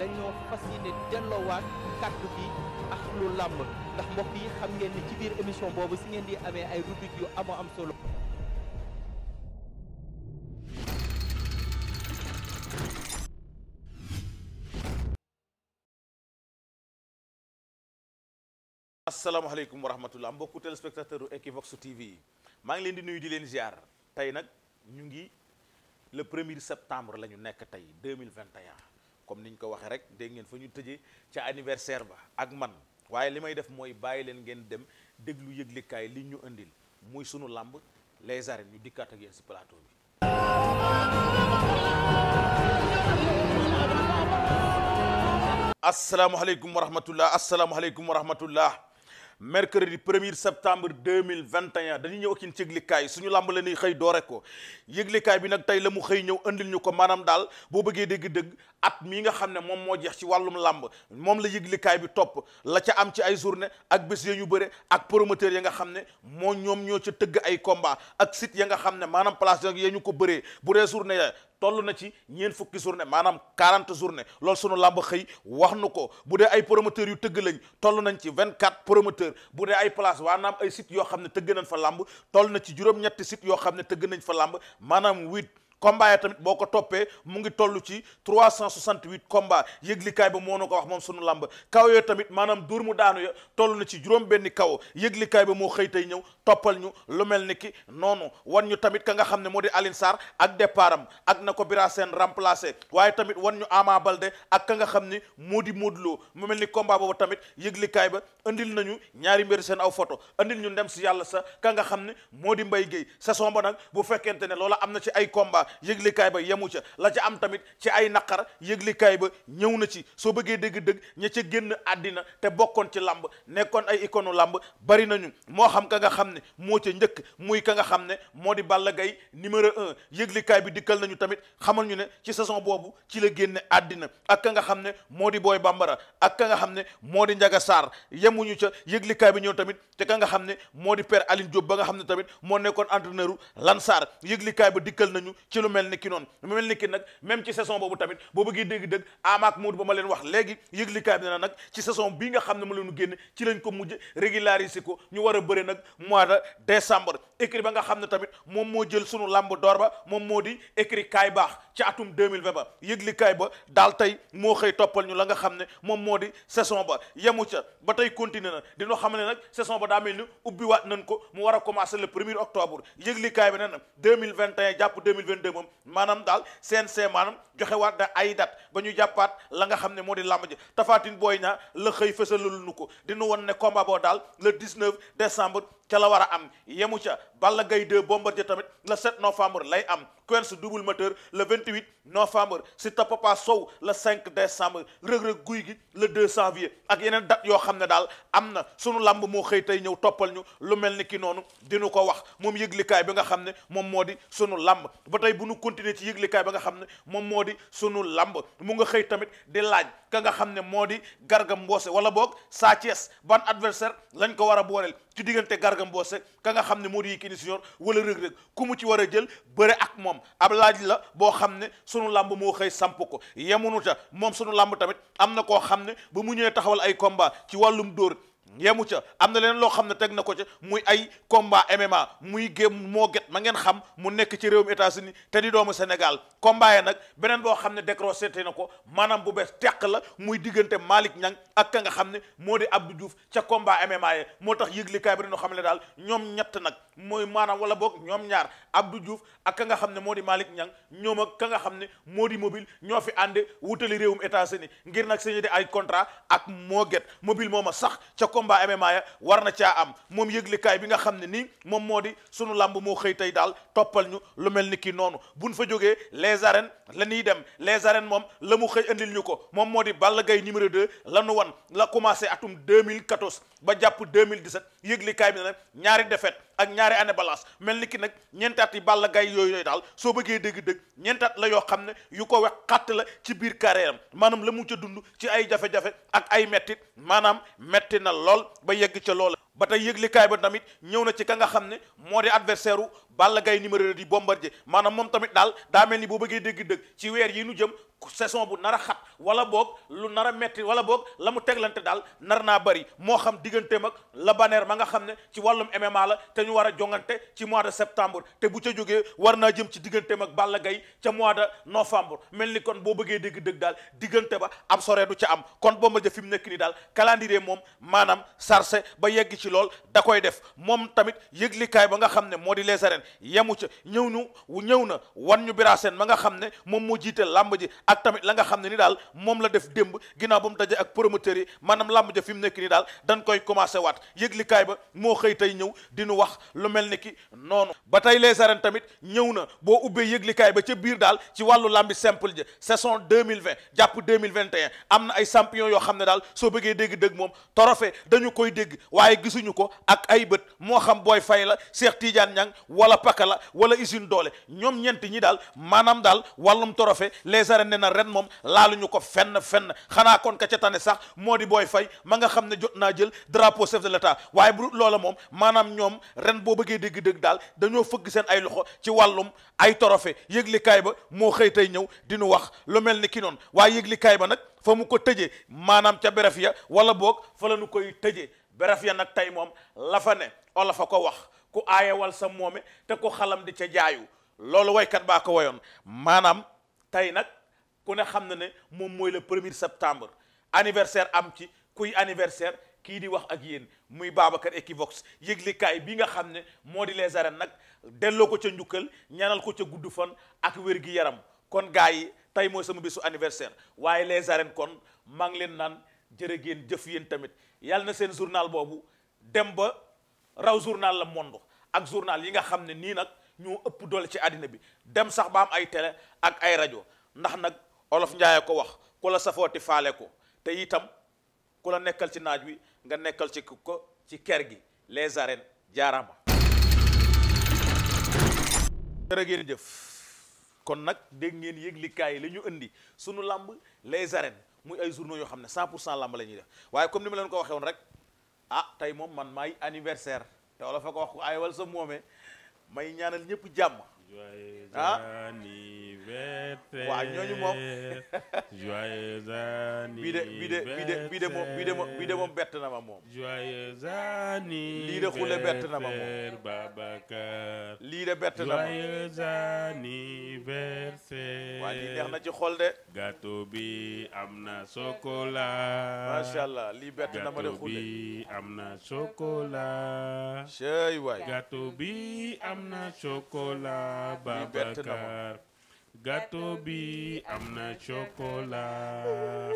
dañoo fas yéene ndax mbokk yi boobu si di amee ay rubrique am solo. asalaamaaleykum wa rahmatullah mbokku téléspectateur u Equivox TV yi maa ngi leen di nuyu di leen ziar tey nag ñu ngi le premier septembre lañu nekk tey 2021 comme niñ ko waxee rek dégg ngeen fa ñu tëje ca anniversaire ba ak man waaye li may def mooy bàyyi leen ngeen dem déglu yëglikaay li ñu indil muy sunu làmb les arènes ñu dikkaat geen yéen si plateau bi. asalaamaaleykum wa rahmatullah asalaamaaleykum wa rahmatullah. mercredi premier septembre deux mille vingt et dañu dañuy ñëw ak yëglikaay suñu làmb la ni xëy doore ko yëglikaay bi nag tey la mu xëy ñëw andil ko maanaam daal boo bëggee dégg-dëgg at mii nga xam ne moom moo jeex ci wàllum làmb moom la yëglikaay bi topp la ca am ci ay journée ak bés ya ñu bëre ak promoteur ya nga xam ne moo ñoom ñoo ca tëgg ay combat ak site ya nga xam ne maanaam place ya ñu ko bëree bu dee journée ya toll na ci ñeent fukki journée maanaam quarante journée lool sunu làmb xëy wax nu ko bu dee ay promoteurs yu tëgg lañ toll nañ ci vingt 24 promoteurs bu dee ay place waanaam ay sites yoo xam ne tëgg nañ fa làmb toll na ci juróom-ñetti sites yoo xam ne tëgg nañ fa làmb maanaam 8 combat ya tamit boo ko toppee mu ngi toll ci trois cent 368 combat yëglikaay ba moo na ko wax moom sunu làmb kaw yooyu tamit maanaam dur mu daanu ya tollu na ci juróom benni kaw yëglikaay ba moo xëy tey ñëw toppal ñu lu mel ni ki noonu wan ñu tamit ka nga xam ne moo di Alioune Sarr ak départ ak na ko bira seen waaye tamit wan ñu Ama Baldé ak ka nga xam ni moo di Modou Lo mu mel ni combat boobu tamit yëglikaay ba indil na ñu ñaari mbir seen aw photo indil ñu ndem si yàlla sax ka nga xam ne moo di Mbaye Guèye saison ba nag bu fekkente ne loola am na ci ay combat yëglikaay ba yemu ca la ca am tamit ci ay naqar yëglikaay ba ñëw na ci soo bëggee dëgg-dëgg ña ca génn àddina te bokkoon ci làmb nekkoon ay icône lamb bari nañu moo xam ka nga xam ne moo ca njëkk muy ka nga xam ne moo di Balla numéro un yëglikaay bi dikkal nañu tamit xamal ñu ne ci saison boobu ci la génne àddina ak ka nga xam ne moo di Boy Bambara ak ka nga xam ne moo di Njaga Saar yemuñu ca yëglikaay bi ñëw tamit ka nga xam ne moo di per Aline Diop ba nga xam ne tamit moo nekkoon entraîneur u Lansar yëglikaay ba dikkal nañu ci ci lu mel ni ki noonu lu mel ni ki nag même ci saison boobu tamit boo bëggee dégg-dëgg Ama ak Modou ba ma leen wax léegi yëglikaay bi na nag ci saison bii nga xam ne ma leen a bëri xam ne tamit moom moo jël sunu lamb door ba moom moo di kaay baax ci atum 2020 ba yëglikaay ba daal tey moo xëy toppal ñu la nga xam ne moom moo di saison ba yemu ca ba tey continuer na dina xam ne nag saison ba daa mel ni ubbiwaat ko mu war a commencer le premier octobre yëglikaay bi bëree moom maanaam daal CNC maanaam joxe waat na ay date ba ñu jàppaat la nga xam ne moo di làmb ji Tapha Tine Boy Niang la xëy fësalul nu ko dinu won ne combat boo daal le 19 décembre ca la war a am yemu ca Balla Gaye 2 Bombardier tamit le 7 novembre lay am Quench double moteur le 28 novembre Siteu Papa Sow cinq 5 décembre Reug guy gi Gui le 2 janvier ak yeneen date yoo xam ne daal am na sunu làmb moo xëy tey ñëw toppal ñu lu mel ni ki noonu dinu ko wax moom yëglikaay bi nga xam ne moom moo di sunu làmb ba tey bu nu continuer ci yëglikaay ba nga xam ne moom moo di sunu lamb mu nga xëy tamit di laaj ka nga xam ne moo di Garga Mbossé wala boog Sa Thiès ban adversaire lañ ko war a booleel ci diggante Garga Mbossé ka nga xam ne moo di Yékini Junior wala Reug Reug ku mu ci war a jël bare ak moom ab laaj la boo xam ne sunu làmb moo xëy samp ko yemunuta moom sunu làmb tamit am na koo xam ne ba mu ñëwee taxawal ay combat ci wàllum dóor mu ca am na leen loo xam ne teg na ko ca muy ay combat MMA muy gém moo get ma ngeen xam mu nekk ci réewum États-Unis te di doomu Sénégal combat yi nag beneen boo xam ne décroché seete na ko maanaam bu bees teq la muy diggante Malick Niang ak ka nga xam ne moo di Abdou Diouf ca combat MMA yi moo tax yëglikaay bi dañoo xam ne daal ñoom ñett nag mooy maanaam wala boog ñoom ñaar Abdou Diouf ak ka nga xam ne moo di Malick Niang ñoom ak ka nga xam ne moo di mobile ñoo fi ànde wutali réewum États-Unis ngir nag signé ay contrat ak moo get mobile sax combat MMA ya war na caa am moom yëglikaay bi nga xam ne nii moom moo di sunu làmb moo xëy tey daal toppal ñu lu mel ni kii noonu bu buñ fa jógee les arènes la ñuy dem les arènes moom la mu xëy andil ñu ko moom moo di Balla gay numéro 2 la nu wan la commencé atum 2014 ba jàpp 2017 yëglikaay bi na nag ñaari défaite ak ñaari année balance mel ni ki nag ñeentaat yi Balla Gaye yooyu lay daal soo bëggee dëgg-dëgg ñeentaat la yoo xam ne yu ko wex xàtt la ci biir carrière am maanaam la mu ca dund ci ay jafe-jafe ak ay mettit maanaam metti na lool ba yegg ca loola ba tey yëglikaay ba tamit ñëw na ci ka nga xam ne moo di adversaire Balla Gaye numéro di Bombardier maanaam moom tamit daal daa mel ni boo bëggee dégg dëgg ci weer yi nu jëm saison bu nar a xat wala boog lu nar a metti wala boog la mu teglante daal nar naa bëri moo xam digganteem mag la baneer ba nga xam ne ci wàllum MMA la te ñu war a jongante ci mois de septembre te bu ca jógee war naa jëm ci digganteem ak Balla Gaye ca mois de novembre mel ni kon boo bëggee dégg dëgg daal diggante ba am soree du ca am kon Bombardier fi mu nekk nii daal calendrier moom maanaam sarse ba yegg ci lool da koy def moom tamit yëglikaay ba nga xam ne moo di les arènes seen yemu ca ñëw ñu ñëw na wan ñu bira ma nga xam ne moom moo jiite làmb ji ak tamit la nga xam ne ni daal moom la def démb ginnaaw ba mu daje ak promoteur yi maanaam làmb ja fi mu nekk ni daal dañ koy commencé waat yëglikaay ba moo xëy tey ñëw di nu wax lu mel ni ki noonu ba tey les arènes tamit ñëw na boo ubbee yëglikaay ba ca biir daal ci wàllu làmbi simple ja saison 2020 jàpp 2021 am na ay champion yoo xam ne daal soo bëggee dégg dëgg moom trophée dañu dégg waaye gisuñu ko ak ay bët moo xam booy fay wala pakala wala usine doole ñoom ñent ñi daal maanaam daal wàllum trophée les arènes na ren moom laalu ñu ko fenn fenn xanaa kon ka ca tane sax moo di booy fay ma nga xam ne jot naa jël drapeau chef de l'état waaye bu loola moom maanaam ñoom ren boo bëggee dégg-dégg daal dañoo fëgg seen ay loxo ci wàllum ay torofe yëglikaay ba moo xëy tey ñëw dinu wax lu mel ni ki noon waaye yëglikaay ba nag fa mu ko tëjee maanaam ca beref ya wala boog fa la koy tëjee beref ya nag tey moom la fa ko wax ku aayewal sa moome te ku xalam di ca jaayu loolu waykat baa ko wayoon maanaam tey nag ku ne xam na ne moom mooy le premier septembre anniversaire am ci kuy anniversaire kii di wax ak yéen muy Babacar Equivox yëglikaay bi nga xam ne moo di les arènes nag delloo ko ca njukkal ñaanal ko ca gudd fan ak wér gi yaram kon gars yi tey mooy sama bésu anniversaire waaye les arènes kon maa ngi leen naan jërë ngeen jëf yéen tamit yàlla na seen journal boobu dem ba raw journal la monde ak journal yi nga xam ne nii nag ñoo ëpp doole ci àddina bi dem sax ba am ay télé ak ay rajo ndax nag olof njaaye ko wax ku la safooti faale ko te itam ku la nekkal ci naaj wi nga nekkal ci ko ci ker gi les arènes jaaraama jërë ngeen jëf kon nag dégg ngeen yëglikaay yi la ñu indi sunu làmb les arènes muy ay journaux yoo xam ne 100 pour cent làmb la ñuy def waaye comme ni ma leen ko waxee woon rek ah tey moom man maay anniversaire te wala fa ko wax ko ay wal sa moome may ñaanal ñëpp jàmm ah waaw ñooñu moom bii de bii de moom bett na ma moom joyeux anniversaire lii de xule bett na ma moom waa lii neex na ci xol de gâteau bi am na chocolat macha allah lii bett na ma de xule gâteau bi waay gâteau bi am na chocolat Babacar gato bi am na chocolat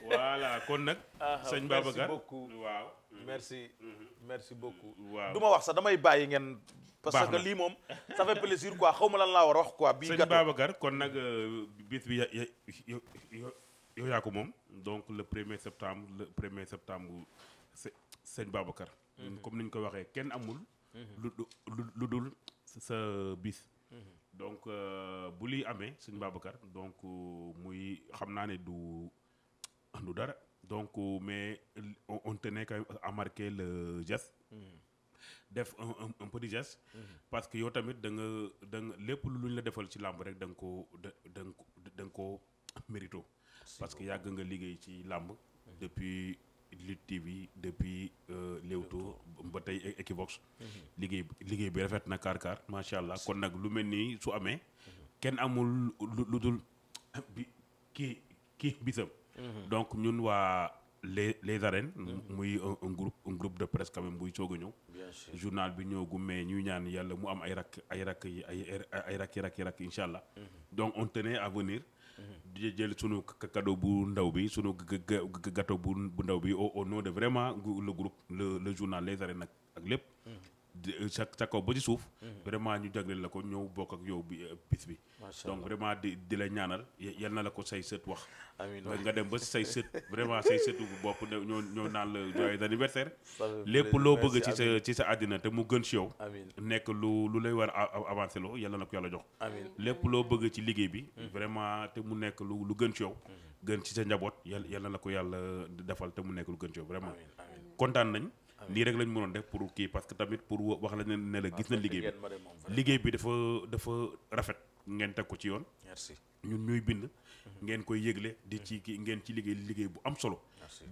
voilà kon nag. Ah, sëñ Babacar merci merci mhm. merci beaucoup. waaw du wax sax damay bàyyi ngeen. parce lii moom ça le plaisir quoi xaw ma lan laa war a wax quoi. bii gâteau sëñ Babacar kon nag euh, bis bi ko moom donc le premier septembre le premier septembre sëñ Babacar. Mhm. comme niñ ñu ko waxee kenn amul. Mhm. lu lu dul sa bis. donc euh, bu liy amee sëñ Babacar donc euh, muy xam naa ne du du dara donc euh, mais on tenait quand même marquer le geste. Mm-hmm. def un un petit geste. Mm-hmm. parce que yow tamit da nga da lépp lu ñu la defal ci làmb rek da nga koo da da nga koo mérito. parce que yàgg nga liggéey ci làmb. Mm-hmm. depuis. Lutte TV depuis euh, Leewtoo ba tey e- Equivox mhm. liggéey liggéey bi rafet na kaar kaar macha allah kon nag lu mel nii su amee mhm. kenn amul lu dul bi kii kii bisam mhm. donc ñun waa les les arènes. Mm-hmm. muy euh, un groupe un groupe de presse quand même buy soog a ñëw. journal bi ñëw gu mais ñuy ñaan yàlla mu am ay rakk ay rakk yi ay ay rakk rakk rakk incha allah. Mm-hmm. donc on tenait à venir. Mm-hmm. jël sunu cadeau bu ndaw bi sunu gâteau bu ndaw bi au au nom de vraiment le group le le journal les arènes ak lépp. Euh, ca ca kaw ba ci suuf. vraiment ñu jagleel la ko ñëw bokk ak yow bi euh, bis bi. donc vraiment di di la ñaanal yal na la ko say sët wax. amiin nga dem ba say sët vraiment say sëtu bopp ñoo ñoo naan la joyeux anniversaire. lépp loo bëgg ci sa ci sa àddina te mu gën ci yow. nekk lu lu lay war a avancé loo yal na ko yàlla jox. lépp loo bëgg ci liggéey bi. Mm-hmm. vraiment te mu nekk lu lu gën ci yow. Mm-hmm. gën ci sa njaboot yal yal na la ko yàlla defal te mu nekk lu gën ci vraiment kontaan nañ. lii rek lañ mënoon def pour kii parce que tamit pour wax la ne la gis na liggéey bi liggéey bi dafa dafa rafet ngeen teg ko ci yoon merci ñun ñuy bind mhm. ngeen koy yëgle di ci mhm. ki ngeen ci liggéey liggéey bu am solo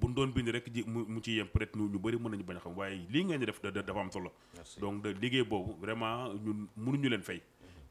buñ doon bind rek ji mu ci yem peut ñu ñu bëri mën nañu bañ a xam waaye lii ngeen def dafa am solo donc liggéey boobu vraiment ñun mënuñu leen fay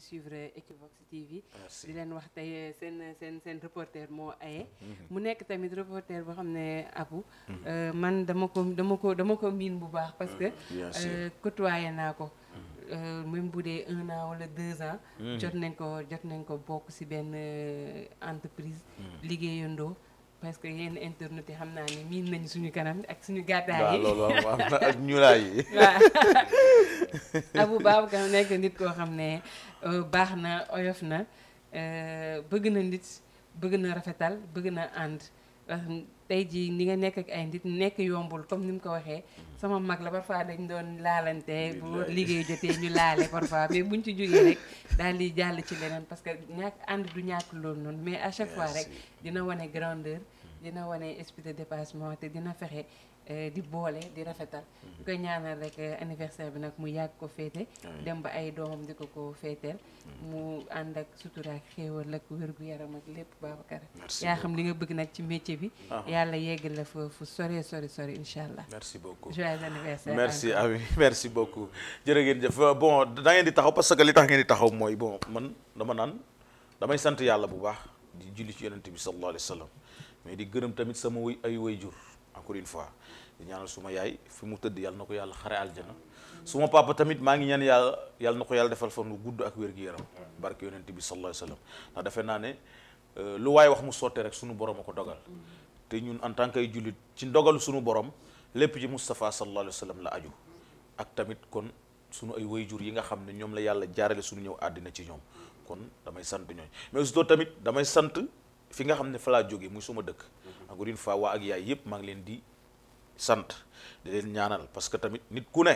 di suivre Equivox TV. Ah, di leen wax tey eh, seen seen seen reporter moo aye. Mhm. mu nekk tamit reporter boo xam ne Abu. Mhm. Euh, man dama ko dama ko dama ko miin bu baax. parce que ah, euh, cotoye naa ko. Mhm. Euh, même bu dee un an walla deux ans. jot nañ ko jot nañ ko bokk ci benn entreprise. liggéeyandoo. parce que yenn internet yi xam naa ne miin nañ suñu kanam ak suñu gàddaay yi waaw loolu am na ak ñulaay yi waaw Abou Babacar nekk nit koo xam ne euh, baax na oyof na euh, bëgg na nit bëgg na rafetal bëgg na ànd tey jii ni nga nekk ak ay nit nekk yombul comme ni mu ko waxee sama mag la parfois dañ doon laalante bu liggéey jotee ñu laale parfois mais buñ ci jógee rek daal di jàll ci leneen parce que ñàkk ànd du ñàkk loolu noonu mais à chaque fois rek dina wane grandeur dina wane esprit de dépassement te dina fexe Eh, di boole di rafetal di mhm. koy ñaanal rek eh, anniversaire bi nag mu yàgg ko féete dem ba ay doomam di ko ko féeteel mhm. mu ànd ak sutura ak xéewal ak wérgu yaram ak lépp Babacar yaa xam li nga bëgg nag ci métier bi ah. yàlla yegg la fa fu sore sore sore incha allah merci beaucoup joyeux anniversaire merci ami merci beaucoup jërë ngeen jëf euh, bon da di taxaw parce que li tax ngeen di taxaw mooy bon man dama naan damay sant yàlla bu baax di julli ci yonent bi sallallahu alayhi wa mais di gërëm tamit sama ay way encore une fois di ñaanal suma yaay fi mu tëdd yàlla na ko yàlla xare aljana suma papa tamit maa ngi ñaan yàlla yàlla na ko yàlla defal fan wu gudd ak wér gu yaram barke yonent bi sallallahu alayhi wa sallam ndax defe naa ne euh, lu waaye wax mu sottee rek sunu borom a ko dogal te ñun en tant que jullit ci ndogalu sunu borom lépp ci Moustapha sallallahu alayhi la aju ak tamit kon su sunu ay wayjur yi nga xam ne ñoom la yàlla jaarale sunu ñëw àddina ci ñoom kon damay sant ñooñ mais surtout tamit damay sant fi nga xam ne fa laa jógee muy suma dëkk. encore une waa ak yaay yëpp maa ngi leen di sant di leen ñaanal parce que tamit nit ku ne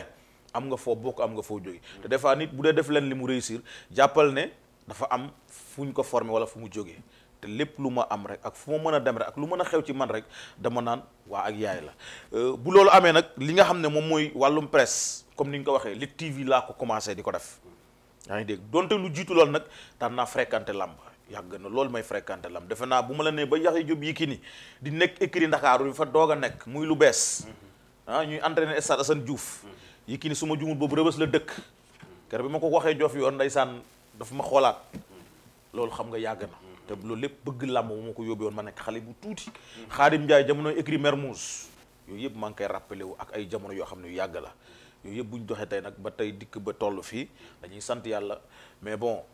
am nga foo bokk am nga foo jógee. te des fois nit bu dee def leen li mu réussir jàppal ne dafa am fu ñu ko formé wala fu mu jógee. te lépp lu ma am rek ak fu ma mën a dem rek ak lu mën a xew ci man rek dama naan waa ak yaay la euh, bu loolu amee nag li nga xam ne moom mooy wàllum presse comme ni nga ko waxee Lutte TV laa ko commencé di ko def yaa ngi dégg donte lu jiitu loolu nag daan naa fréquenté làmb yàgg na loolu may fréquenté lam defe naa bu ma la nee ba Yaxya Jóob Yékini di nekk écurie Ndakaaru bi fa doog a nekk muy lu bees mhm. ah ñuy entraîné stade Assane Diouf mhm. Yékini su ma jumul boobu rëbës la dëkk kër bi ma ko waxee jof yoon ndeysaan dafa ma xoolaat mhm. loolu xam nga yàgg na te loolu lépp bëgg làmb bu ma ko yóbbee ma nekk xale bu tuuti Xaadim Njaay jamono écurie Mermoz yooyu yëpp maa ngi koy wu ak ay jamono yoo xam ne yu yàgg la yooyu yëpp bu ñu doxee tey nag ba tey dikk ba toll fii dañuy sant yàlla mais bon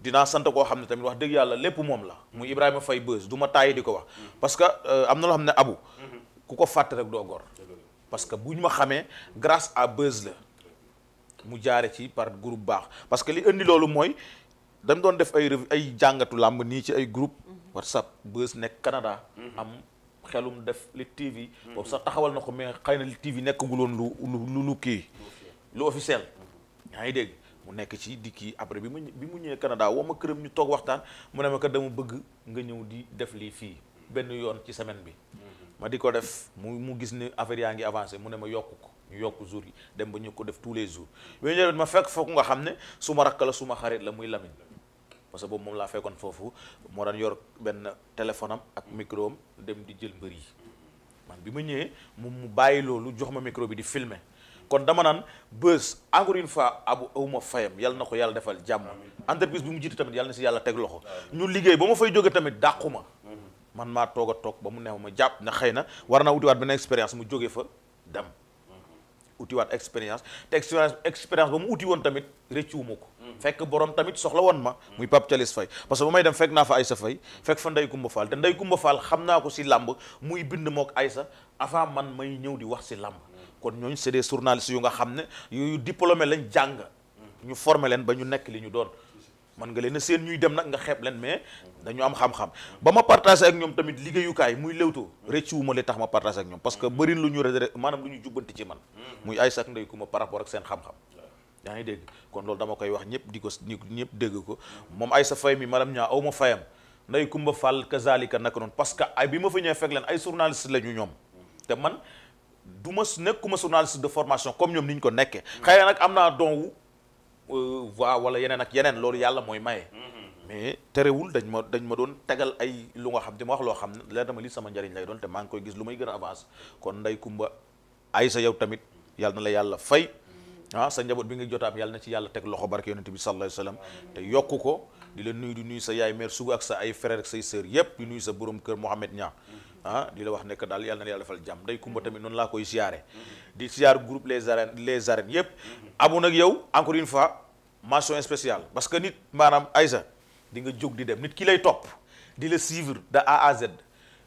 dinaa sant koo xam ne tamit wax dëgg yàlla lépp moom la mu Ibrahima Faye Beuz du ma tàyyi di ko wax mm-hmm. parce que euh, am na loo xam ne abu mm-hmm. ku ko fàtte rek doo gor parce que bu ñu ma xamee grâce à Beuz la mu jaare ci par groupe baax parce que li indi loolu mooy dam doon def ay ay jàngatu làmb nii ci ay groupe mm-hmm. whatsapp Beuz nekk Canada am xelum def li TV boobu sax taxawal na ko mais xëy na li TV nekkaguloon lu lu lu kii lu officiel yaa ngi dégg mu nekk ci dikk yi après bi mu bi mu ñëwee Canada woo ma këram ñu toog waxtaan mu ne ma que dama bëgg nga ñëw di def lii fii benn yoon ci semaine bi. Mm-hmm. ma di ko def mu mu gis ni affaire yaa ngi avancé mu ne ma yokk ko ñu yokk jour yi dem ba ñu ko def tous les jours yooyu ñëwee ma fekk foofu nga xam ne suma ma rakk la su xarit la muy Lamine. parce que boobu moom laa fekkoon foofu moo daan yor benn téléphone am ak micro am dem di jël mbër yi man bi ma ñëwee moom mu bàyyi loolu jox ma micro bi kon dama naan bés encore une fois abu awma fayam yàlla na ko yàlla defal jàmm entreprise bi mu jiite tamit yàlla na si yàlla teg loxo ñu liggéey ba ma fay jóge tamit dàqu ma man maa toog a toog ba mu neex ma jàpp na xëy na war naa utiwaat benn expérience mu jóge fa dem utiwaat expérience te expérience expérience ba mu uti woon tamit rëccuwuma ko fekk borom tamit soxla woon ma muy Pape Thialis Faye parce que ba may dem fekk naa fa Aïssa Faye fekk fa Ndey Kumba Fall te Ndey Kumba Fall xam naa ko si làmb muy bind mook Aïssa avant man may ñëw di wax si làmb kon ñooñu c'est des journalistes yu nga xam ne yu diplômé lañ jàng ñu forme leen ba ñu nekk li ñu doon man nga leen a seen ñuy dem nag nga xeeb leen mais dañu am xam-xam ba ma partagé ak ñoom tamit liggéeyukaay muy Leewtoo rëccuwuma li tax ma partagé ak ñoom parce que bërin lu ñu redré maanaam lu ñu jubbanti ci man muy ay sax ndey ku par rapport ak seen xam-xam yaa ngi dégg kon loolu dama koy wax ñëpp di ko ñëpp dégg ko moom ay sa fay mi maanaam ñaa aw ma fayam nday kumba Fall kazalika naka noonu parce que ay bi ma fa ñëwee leen ay journaliste la ñu ñoom te man du ma nekkuma journaliste de formation comme ñoom ni ñu ko nekkee. xëy na am naa don wu euh, voix wala yeneen ak yeneen loolu yàlla mooy maye. Mm-hmm. mais terewul dañ ma dañ ma doon tegal ay lu nga xam te ma wax loo xam ne leer dama li sama njariñ lay doon te maa ngi koy gis lu may gën a avance kon nday kumba Aysa yow tamit yàlla na la yàlla fay. Mm-hmm. ah sa njaboot bi nga jotaam yàlla na ci yàlla teg loxo barke yonent bi sallallahu alayhi wasallam te yokku ko di la nuyu di nuyu sa yaay mère sugu ak sa ay frère ak say sœur yépp di nuyu sa borom kër Mouhamed Niang. Mm-hmm. ah di la wax nekk daal yàlla na yàlla defal jàmm day kumba tamit noonu laa koy siyaare di siyaar groupe les arènes les arènes yëpp amu nag yow encore une fois mention spéciale parce que nit maanaam Aïssa di nga jóg di dem nit ki lay topp di la suivre de A à Z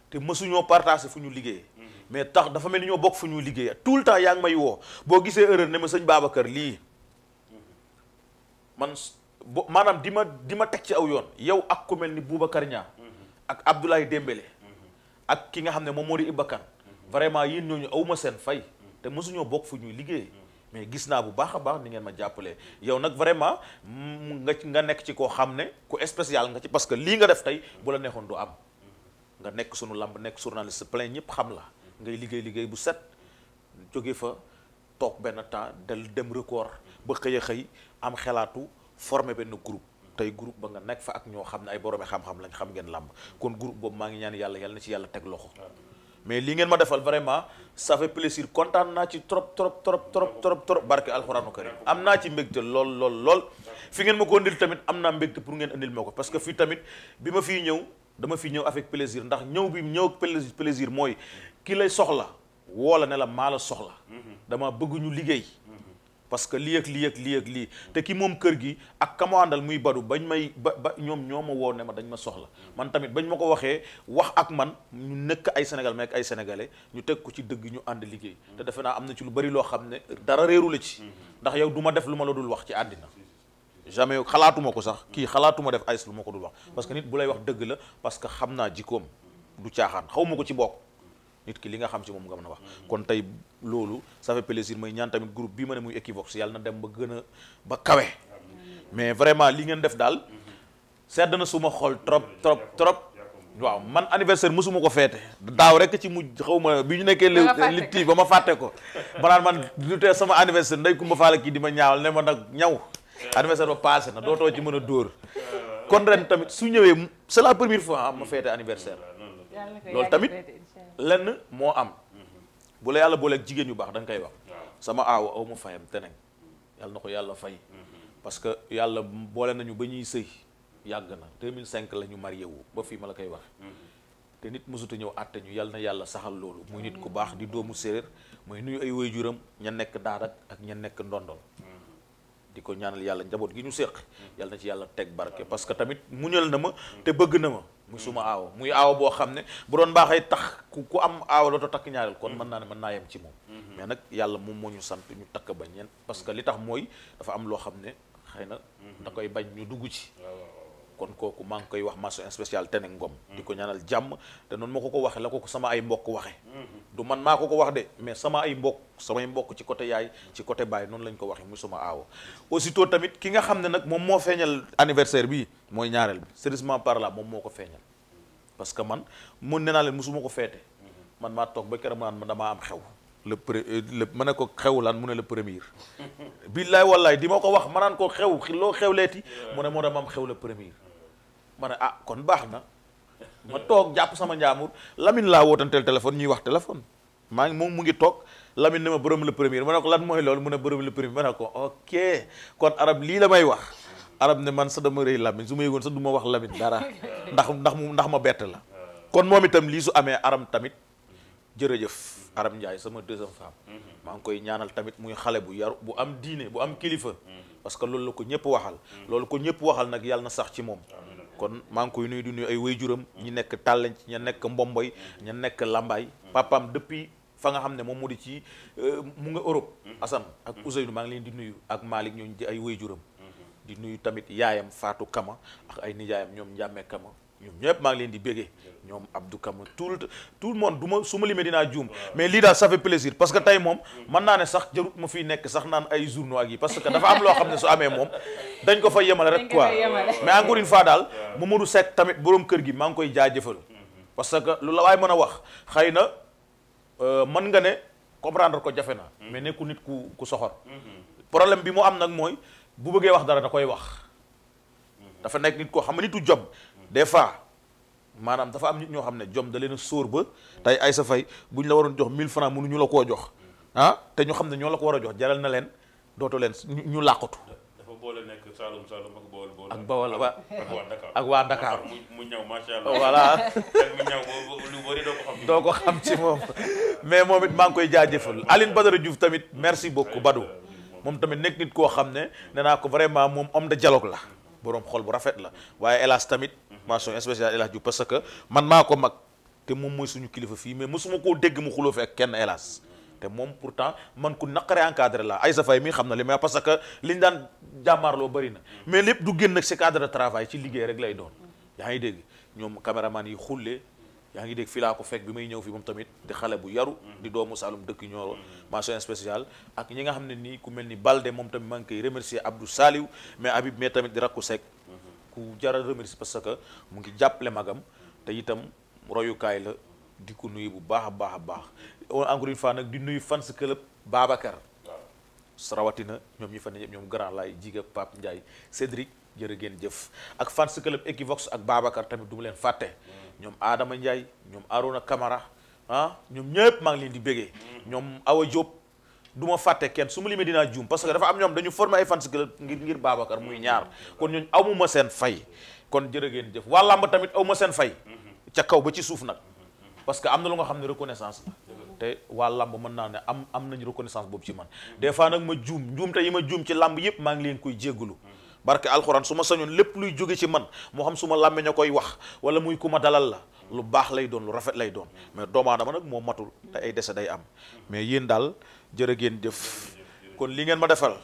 te mësuñoo partager fu ñu liggéey mais tax dafa mel ni ñoo bokk fu ñu liggéey tout le temps yaa ngi may woo boo gisee erreur ne ma sëñ Babacar lii man maanaam di ma di ma teg ci aw yoon yow ak ku mel ni Boubacar Niang ak ak ki nga xam ne moom moo di Ibakan vraiment yéen ñooñu awma seen fay te mosuñoo bokk fu ñuy liggéey mais gis naa bu baax a baax ni ngeen ma jàppalee yow nag vraiment nga nga nekk ci koo xam ne ku spécial nga ci parce que lii nga def tey bu la neexoon du am nga nekk sunu lamb nekk journaliste plein ñëpp xam la ngay liggéey liggéey bu set jóge fa toog benn temps del dem record ba xëy xëy am xalaatu former benn groupe tey groupe ba nga nekk fa ak ñoo xam ne ay boromi xam-xam lañ xam ngeen làmb kon groupe boobu maa ngi ñaan yàlla yàlla na ci yàlla teg loxo mais li ngeen ma defal vraiment ça fait plaisir kontaan naa ci trop trop trop trop trop trop barke alxuraanu karim am naa ci mbégte lool lool lool fi ngeen ma ko indil tamit am naa mbégte pour ngeen indil ma ko parce que fii tamit bi ma fii ñëw dama fi ñëw avec plaisir ndax ñëw bi ñëw plaisir mooy kii lay soxla woo la la maa la soxla mm-hmm. bëgg ñu liggéey parce que lii ak lii ak lii ak lii te ki moom kër gi ak ka àndal muy badu bañ may ba ba ñoom ñoo ma woo ne ma dañ ma soxla man tamit bañ ma ko waxee wax ak man ñu nekk ay Sénégal ma ay sénégalais ñu teg ko ci dëgg ñu ànd liggéey te defe naa am na ci lu bari loo xam ne dara réeru la ci ndax yow du def lu ma la dul wax ci àddina jamais xalaatuma ko sax kii xalaatuma def ay lu ma ko dul wax parce que nit bu lay wax dëgg la parce que xam naa jikkoom du caaxaan xaw ma ko ci bokk nit ki li nga xam ci moom nga mën a wax kon tey loolu ça fait plaisir may ñaan tamit groupe bi ma ne muy Equivox yàlla na dem ba gën a ba kawe mais vraiment li ngeen def daal sedd na su ma xol trop trop trop waaw man anniversaire mosuma ko feete daaw rekk ci mujj xaw ma bi ñu nekkee li tii ba ma fàtte ko banaan man du tee sama anniversaire nday kumba faala kii di ma ñaawal ne ma nag ñaw anniversaire ba passé na dootoo ci mën a dóor kon ren tamit su ñëwee c'est la première fois ah, ma feete anniversaire loolu tamit lenn moo am bu la yàlla booleeg jigéen yu baax danga nga koy wax sama aaw aw ma fayam teneen yàlla na ko yàlla fay parce que yàlla boole nañu ba ñuy sëy yàgg na 2005 la ñu marié wu ba fii ma la koy wax te nit mësuta ñëw àtte ñu yàlla na yàlla saxal loolu muy nit ku baax di doomu séeréer muy nuyu ay waajuram ña nekk daarak ak ña nekk ndondol di ko ñaanal yàlla njaboot gi ñu séq yàlla na ci yàlla teg barke parce que tamit muñal na ma te bëgg na ma muy suma aawo muy aawo boo xam ne bu doon baaxee tax ku ku am aawo dootoo takk ñaareel kon mën naa ne mën naa yem ci moom mhm. mais nag yàlla moom moo ñu sant ñu takk ba ñeent li tax mooy dafa am loo xam ne xëy na mhm. da koy bañ ñu dugg ci kon kooku maa ngi koy wax mention spéciale Tene Ngom di ko ñaanal jàmm te noonu ma ko ko waxee la ko ko sama ay mbokk waxe du man maa ko ko wax de mais sama ay mbokk samay mbokk ci côté yaay ci côté baay noonu lañ ko waxe muy sama aawo aussitôt tamit ki nga xam ne nag moom moo feeñal anniversaire bi mooy ñaareel bi par là moom moo ko feeñal parce que man mun ne naa leen musuma ko feete man maa toog ba këram naan ma damaa am xew le pre euh, ma ne ko xew lan mu ne le premier billaay wallaay di ma ko wax ma naan ko xew loo xew leeti mu ne moo dama am xew le premier ma ne ah kon baax na ma toog jàpp sama njaamur lamin laa wootanteel téléphone ñuy wax téléphone maa ngi moom mu ngi toog Lamine ne ma borom la premier ma ne ko lan mooy loolu mun ne borom le premier ma ne ko ok kon arab lii la may wax arab ne man sa dama rëy Lamine su ma yëgoon sa du ma wax lamin dara ndax ndax mu ndax ma bett la kon moom itam lii su amee arab tamit jërëjëf Aram Ndiaye sama deuxième femme maa ngi koy ñaanal tamit muy xale bu yaru bu am diine bu am kilifa mm-hmm. parce que loolu la ko ñëpp waxal mm-hmm. ko ñëpp waxal nag yàlla na sax ci moom kon maa ngi koy nuyu di nuyu ay waajuram ñi nekk tàllañ ci ña nekk mbomboy ña nekk lambaay papaam depuis fa nga xam ne moom mu di ci euh, mu nga Europe mm-hmm. Assane ak mm-hmm. Ousseynou maa ngi leen di nuyu ak Malick ñooñ di ay waajuram mm-hmm. di nuyu tamit yaayam faatu Kama ak ay nijaayam ñoom Ndiame Kama ñoom ñëpp maa leen di béggee ñoom Abdou Kama tout tout le su ma limee dinaa juum mais lii daal ça fait plaisir parce que tey moom mën naa ne sax jarut ma fiy nekk sax naan ay journaux ak yi parce que dafa am loo xam ne su amee moom dañ ko fa yemale rek quoi mais encore une fois daal Mamadou Seck tamit borom kër gi maa ngi koy jaajëfal parce que lu la waay a wax xëy na euh, man nga ne comprendre ko jafe na mm-hmm. mais nekku nit ku ku soxor mm-hmm. problème bi mu am nag mooy bu bëggee wax dara da koy wax mm-hmm. dafa nekk nit koo xam ne des fois maanaam dafa am nit ñoo xam ne jom da leen a sóor ba tey Aïssa Faye bu ñu la waroon jox 1000 francs mënuñu la koo jox ah te ñu xam ne ñoo la ko war a jox jaral na leen dootu leen ñu làqatu. dafa boole nekk Saloum Saloum ak Bawol Bawol. ak Bawol waa ak waa Dakar mu ñëw macha allah. voilà mu doo ko xam. doo ci moom mais moom it maa ngi koy jaajëfal Aline Badara Diouf tamit merci beaucoup Badou moom tamit nekk nit koo xam ne nee naa ko vraiment moom om de dialogue la. boroom xol bu rafet la waaye hélas tamit mention spéciale hélas ju parce que man maa ko mag te moom mooy suñu kilifa fii mais mosuma koo dégg mu xuloo fi ak kenn hélas te moom pourtant man ku naqare encadré la ay safay mi xam na li may parce que liñ daan jàmmaarloo bëri na mais lépp du génn nag si cadre de ci liggéey rek lay doon yaa ngi dégg ñoom caméraman yi xulle yaa ngi dégg fii ko fekk bi may ñëw fii moom tamit di xale bu yaru di doomu Saalum dëkk Nioro mm-hmm. mention spéciale ak ñi nga xam ne nii ku mel ni Balde moom tamit maa ngi koy remercier Abdou Saliou mais Habib mais tamit di rakku Seck mm-hmm. ku jaral remercier parce que mu ngi jàppale magam te itam royukaay la di ko nuyu bu baax a baax a baax encore une fois nag di nuyu fan fans club Babacar rawatina ñoom ñi fa ne ñoom grand laay jiga Pape Ndiaye Cédric jërë ngeen jëf ak fans club Equivox ak Babacar tamit du leen fàtte ñoom Adama Ndiaye ñoom Arona Camara ah ñoom ñëpp maa ngi leen di béggee ñoom Awa Diop du ma fàtte kenn su ma limee dinaa juum parce que dafa am ñoom dañu former ay fans club ngir ngir Babacar muy ñaar kon ñooñu amuma seen fay kon jërë ngeen jëf waa làmb tamit awma seen fay mm-hmm. ca kaw ba ci suuf nag parce que am na lu nga xam ne reconnaissance la te waa lamb mën naa ne am am nañ reconnaissance boobu ci man des fois nag ma juum njuumte yi ma juum ci lamb yëpp maa ngi leen koy jéggulu barke alxuraan su ma sañoon lépp luy jóge ci man moo xam suma ma làmmiñ koy wax wala muy ku ma dalal la lu baax lay doon lu rafet lay doon mais doomu aadama nag moo matul te ay dese day am mais yéen daal jërë ngeen jëf kon li ngeen ma defal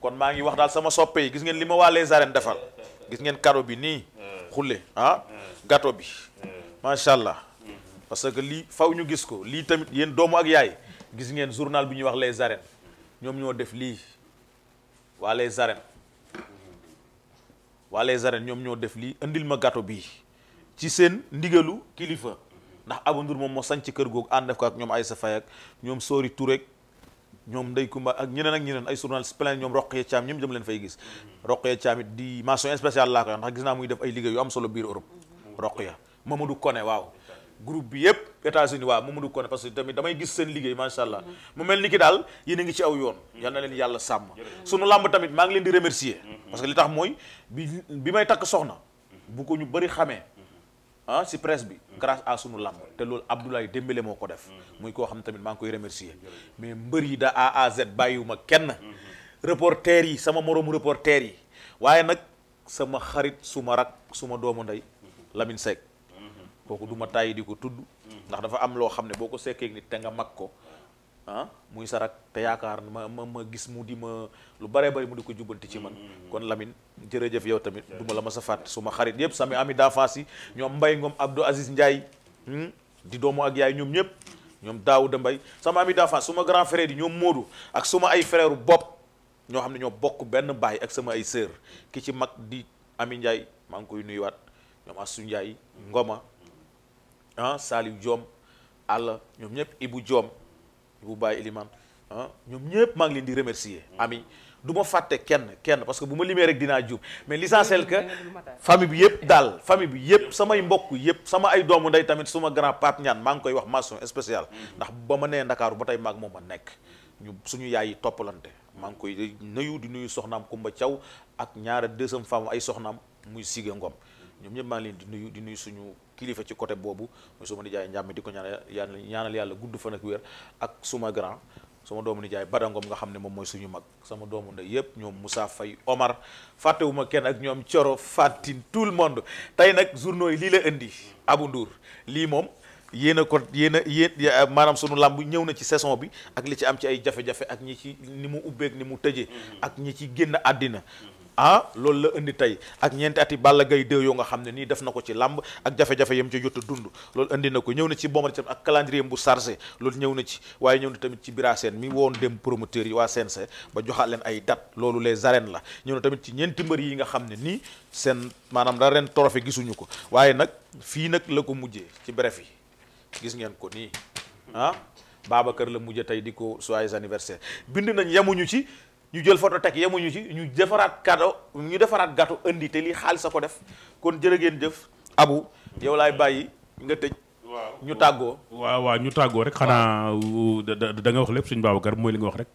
kon maa ngi wax daal sama soppe yi gis ngeen li ma waa les arènes defal gis ngeen cadeau bi nii xulle ah gâteau bi macha allah. parce que lii faw ñu gis ko lii tamit yéen doomu ak yaay gis ngeen journal bi ñuy wax les arènes ñoom ñoo def lii waa les arènes waa les ñoom ñoo def lii andil ma gâteau bii ci seen ndigalu kilifa ndax Abou Ndour moom moo sañ ci kër googu ànd def ko ak ñoom sa fay ak ñoom Sori Touré ñoom Ndeye Kumba ak ñeneen ak ñeneen ay journaliste plein ñoom Roqee Thiam ñoom jëm leen fay gis Roqee Thiam it di mention spéciale laa koy ndax gis naa muy def ay liggéey yu am solo biir Europe Roqee Mamadou Koné waaw groupe bi yëpp États-Unis waaw Mamadou Koné parce que tamit damay gis seen liggéey macha allah mu mel ni ki daal yéen a ngi ci aw yoon yal na leen yàlla sàmm sunu làmb tamit maa ngi leen di remercier mhm. parce que li tax mooy bi bi may takk soxna mhm. bu ko ñu bëri xamee mhm. ah si presse bi grâce à sunu làmb te loolu Abdoulaye Dembélé moo ko def muy koo xam ne tamit maa ngi koy remercier mais mbër yi da A à Z bàyyiwuma kenn reporter yi sama moroomu reporter yi waaye nag sama xarit suma rak suma doomu ndey kooku du ma tàyyi di ko tudd ndax dafa am loo xam ne boo ko sekkee nit te nga mag ko ah muy sarak te yaakaar ma ma ma gis mu di ma lu baree bari mu di ko jubbanti ci man mm-hmm. kon Lamine jërëjëf yow tamit du ma la ma sa fàtt suma xarit yëpp sami ami dafaas yi ñoom mbay ngoom Abdou Aziz Ndiaye hmm, di doomu ak yaay ñoom ñëpp ñoom Daouda mbay sama ami dafaas suma grand frère yi ñoom Modou ak suma ay frère bopp ñoo xam ne ñoo bokk benn baay ak sama ay sœur ki ci mag di Ami Ndiaye maa ngi koy nuyuwaat ñoom Assou Ndiaye Ngoma ah Saliou Diom àll ñoom ñëpp ibu Diom Ibou Baye Elimane ah ñoom ñëpp maa ngi leen di remercier mm. ami du ma fàtte kenn kenn parce que bu ma limee rek dinaa juum mais l'essentiel que mm. famille bi yëpp daal famille bi yëpp samay mbokk yëpp sama ay doomu ndey tamit suma grand paat ñaan maa ngi koy wax mention spéciale mm. ndax ba ma nee Ndakaaru ba tey mag moom ma nekk ñu suñu yaay yi toppalante maa ngi koy nuyu di nuyu soxnaam Kumba caw ak ñaara deuxième femme ay soxnaam muy Siga Ngom ñoom ñëpp maa leen di nuyu di suñu kilifa ci côté boobu mooy suma nijaay njàmm di ko ñaanal yàlla ñaanal yàlla gudd fan ak wér ak suma grand suma doomu nijaay badangom nga xam ne moom mooy suñu mag sama doomu nday yëpp ñoom Moussa Faye Omar fàttewuma kenn ak ñoom Coro Fatine tout le monde tey nag journaux yi lii la indi abu Ndour lii moom yéen a ko yéen a maanaam sunu làmb ñëw na ci saison bi ak li ci am ci ay jafe-jafe ak ñi ci ni mu ubbeek ni mu tëjee mm-hmm. ak ñi ci génn àddina mm-hmm. ah loolu la indi tey ak ñeenti ati Balla Gaye 2 yoo nga xam ne nii def na ko ci làmb ak jafe-jafe yam ci jot a dund loolu indi na ko ñëw na ci Bombardier ak calendrier bu chargé loolu ñëw na ci waaye ñëw na tamit ci Bira Sène mi woon dem promoteur yi waa CNG ba joxaat leen ay dat loolu les arènes la ñëw na tamit ci ñeenti mbër yi nga xam ne nii seen maanaam da ren trophée gisuñu ko waaye nag fii nag la ko mujjee ci bref yi gis ngeen ko nii ah Babacar la mujjee tey di ko joyeux anniversaire bind nañ yemuñu ci ñu jël photo teg yemuñu ci ñu defaraat cadeau ñu defaraat gâteau indi te lii xaalis a ko def kon jërë ngeen jëf abu yow laay bàyyi nga tëj ñu tàggoo waaw waa ñu tàggoo rek xanaa da nga wax lépp suñu Babacar mooy li nga wax rek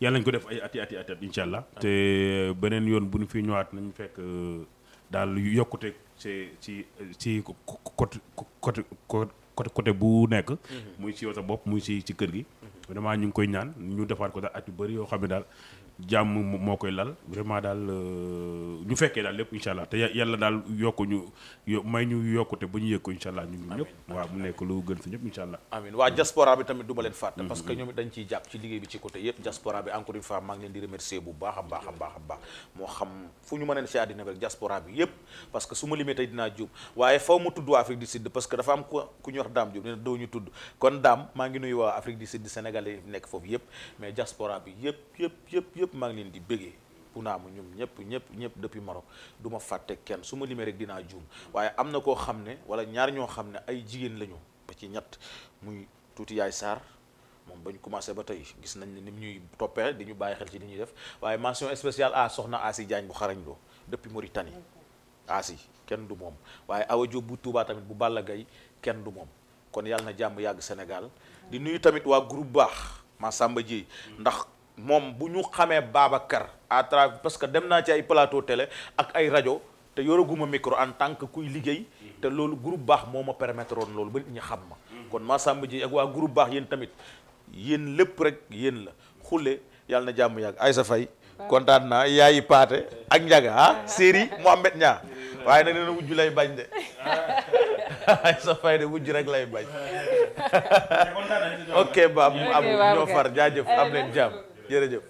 yàlla nañu ko def ay ati ati ati incha allah te beneen yoon bu ñu ñëwaat nañu fekk euh, daal yokkute ci ci ci côté côté côté côté bu nekk mhm. muy si yow sa bopp muy si ci kër gi mhm. vraiment ñu ngi koy ñaan ñu defaat ko daal at yu bëri yoo xam ne daal jàmm moo koy lal vraiment daal euh, ñu fekkee daal lépp incha allah te yàlla daal yokku ñu may ñu yokkute ba ñu yëg ko incha allah ñu ñëpp nekk lu gën si ñëpp incha allah amin waa diaspora bi tamit du mm-hmm. dañ ciy jàpp ci liggéey bi ci côté yëpp diaspora bi encore une fois maa a baax a baax parce que su ma limee tey dinaa juub waaye faw mu tudd waa Afrique du Sud parce que dafa am ku ñu wax daam jub doo ñu tudd kon daam maa ngi nuyu waa Afrique du Sud sénégalais nekk foofu yëpp mais diaspora bi yëpp yëpp yëpp ñëpp maa ngi leen di bëggee Pounamu ñoom ñëpp ñëpp ñëpp depuis Maroc du ma fàtte kenn su ma limee rek juum waaye am na koo xam ne wala ñaar ñoo xam ne ay jigéen lañu ba ci ñett muy tuuti yaay Sarr moom bañ commencé ba tey gis nañ ne ni ñuy toppee di ñu bàyyi xel ci li ñuy def waaye mention spéciale à soxna Asi Diagne bu xarañ loo depuis Mauritanie Asi kenn du moom waaye Awa bu tuubaa tamit bu Balla gay kenn du moom kon yàlla na jàmm yàgg senegal di nuyu tamit waa groupe baax Massamba Dieye ndax moom bu ñu xamee baabakar à travers parce que dem naa ci ay plateau télé ak ay rajo te yoraguma micro en tant que kuy liggéey te loolu groupe baax moo ma permettre woon loolu ba nit ñi xam ma kon Massamba Dieye ak waa groupe baax yéen tamit yéen lépp rek yéen la xulle yàlla na jàmm yàgg Aïssa Faye kontaan naa yaayi paate ak njaga ah séeri Mohamed ñaa waaye nag nee na lay bañ de Aïssa Faye de wujj rek lay bañ ok ba am ñoo far jaajëf am leen jàmm jërëjëf